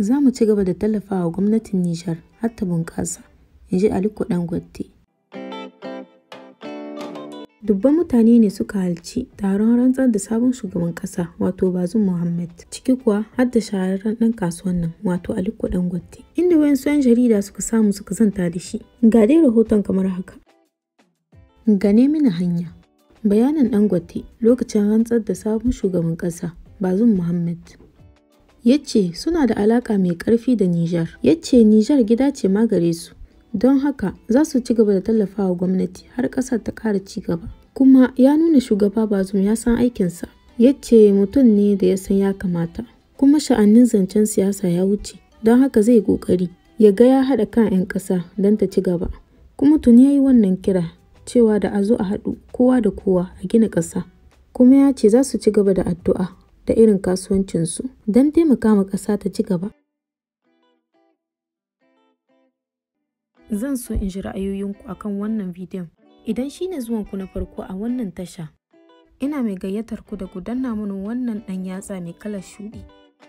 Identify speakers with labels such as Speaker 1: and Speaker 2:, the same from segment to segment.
Speaker 1: Za mu ci gaba da tallafawa gwamnatin Nijar har ta bunƙasa, in ji Aliko Dangote. Dubban mutane ne suka halci taron rantsar da sabon shugaban ƙasa wato Bazum Muhammad, ciki kuwa har da shahararren ɗan kasuwan nan wato Aliko Dangote, inda wayansu 'yan jarida suka samu suka zanta da shi. Ga dai rahoton kamar haka. Gane mini hanya. Bayanin gwate, lokacin rantsar da sabon shugaban ƙasa Bazum Muhammad. yace suna da alaƙa mai karfi da Nijar. Ya Nijar gida ce ma gare su, don haka za su ci gaba da tallafawa gwamnati har ƙasar ta ƙara ci gaba. Kuma ya nuna shugaba ba Bazum ya san aikinsa, ya ce mutum ne da ya san ya kamata. Kuma sha'annin zancen siyasa ya wuce, don haka zai ƙoƙari ya ga ya haɗa kan 'yan ƙasa don ta ci gaba. Kuma tuni ya yi wannan kira cewa da a zo a haɗu kowa da kowa a gina ƙasa. Kuma ya ce za su ci gaba da addu'a da irin kasuwancinsu don taimaka ma ƙasa ta ci gaba. Zan so in ji ra'ayoyinku a kan wannan bidiyon. Idan shi ne zuwanku na farko a wannan tasha, ina mai gayyatar ku da ku danna mana wannan ɗan yatsa mai kalar shuɗi,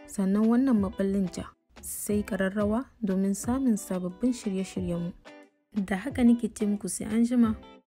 Speaker 1: sannan wannan maɓallin ja, sai ƙararrawa domin samun sababbin shirye-shiryenmu. Da haka nake ce muku sai an jima.